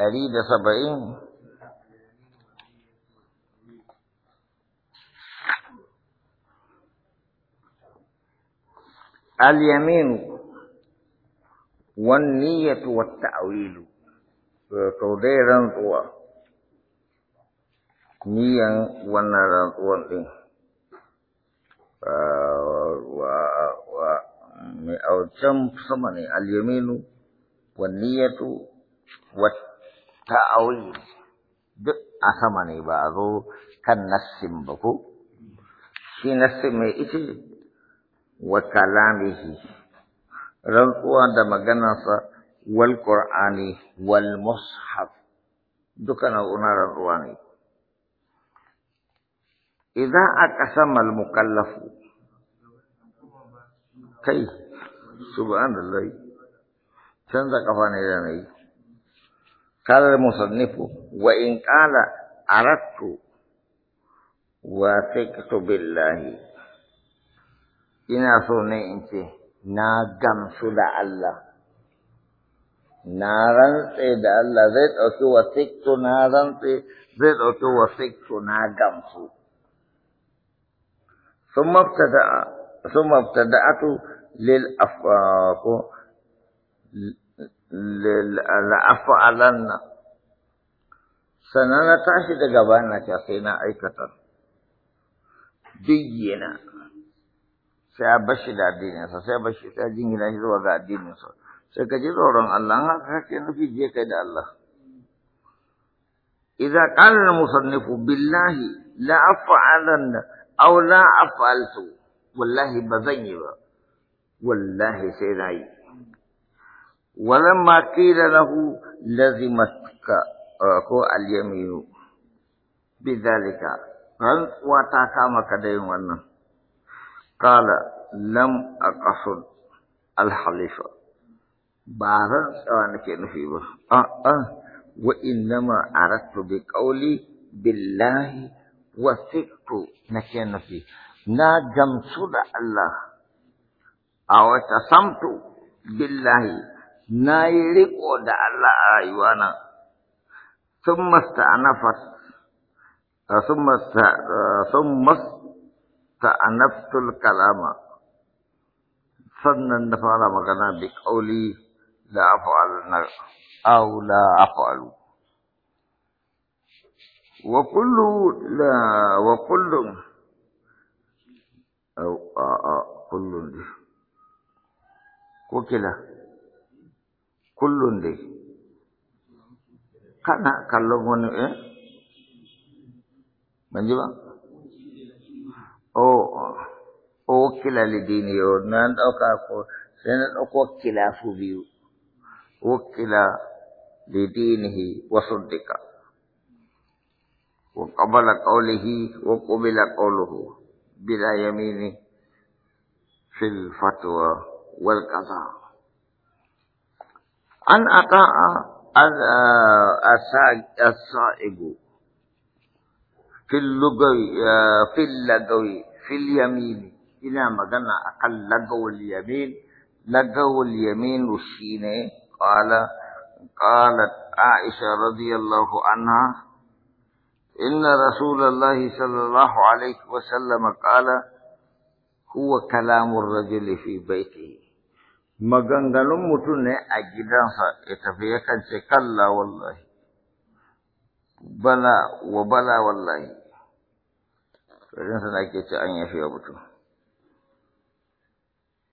ɗari da saba'in al-yaminu wan niyyatu wat ta'wilu to dai rantsuwa niyan wannan rantsuwan din mai aucan sama ne al-yaminu wan niyyatu wat تأويل أثماني بعضو كنسيم بكو في نسيم إيشي وكلامه رنقوا عند مجنسة والقرآن والمصحف دكان أونار رواني إذا أقسم المكلف كيف سبحان الله تنزل كفاني ذنبي قال المصنف وإن قال أردت وثقت بالله إن أصرني أنت ناقم سدى الله نارا سيد الله ذات أكو وثقت نارا زيت أكو وثقت ناقم سدى ثم ابتدأ ثم ابتدأت للأفاق la'afa'alanna sannan na tashi daga bana ta sai na aikata bayyana sai a bashi da addininsa sai a bashi ta shi zuwa ga addininsa sai ka ji tsoron Allah in haka kake nufi je kai da Allah idza qala al-musannifu billahi la af'alanna aw la af'altu wallahi bazan yi ba wallahi sai na yi ولما قيل له لزمتك كو اليمين بذلك قال واتاكام كدين ون قال لم أقصد الحليفة بارا أن كان في آه آه وإنما أردت بقولي بالله وثقت نكين في نا جمسود الله أو a بالله na yi riƙo da Allah a rayuwana sun masta a masta'anafat sun masta a masta'anaftul kalama sannan na fara magana bi ƙauli da afa'alunar aula afa'alu wa kullu wa kullum a kullum ko kila kullun de, kana kallon wani eh ban ji ba o wakila lidini yau na ɗauka ko sai na ɗauka wakila su biyu wakila lidinihi wasu dika wa qabala qawlihi wa qubila qawluhu bila yamini fil fatwa wal qadha أن أطاع الصائب في اللغوي في اللغوي في اليمين إلى ما قلنا أقل لغو اليمين لغو اليمين الشين قال قالت عائشة رضي الله عنها إن رسول الله صلى الله عليه وسلم قال هو كلام الرجل في بيته maganganun mutum ne a gidansa ya tafi kan ce kalla wallahi bala wa bala wallahi to sana ke ce an yafi mutum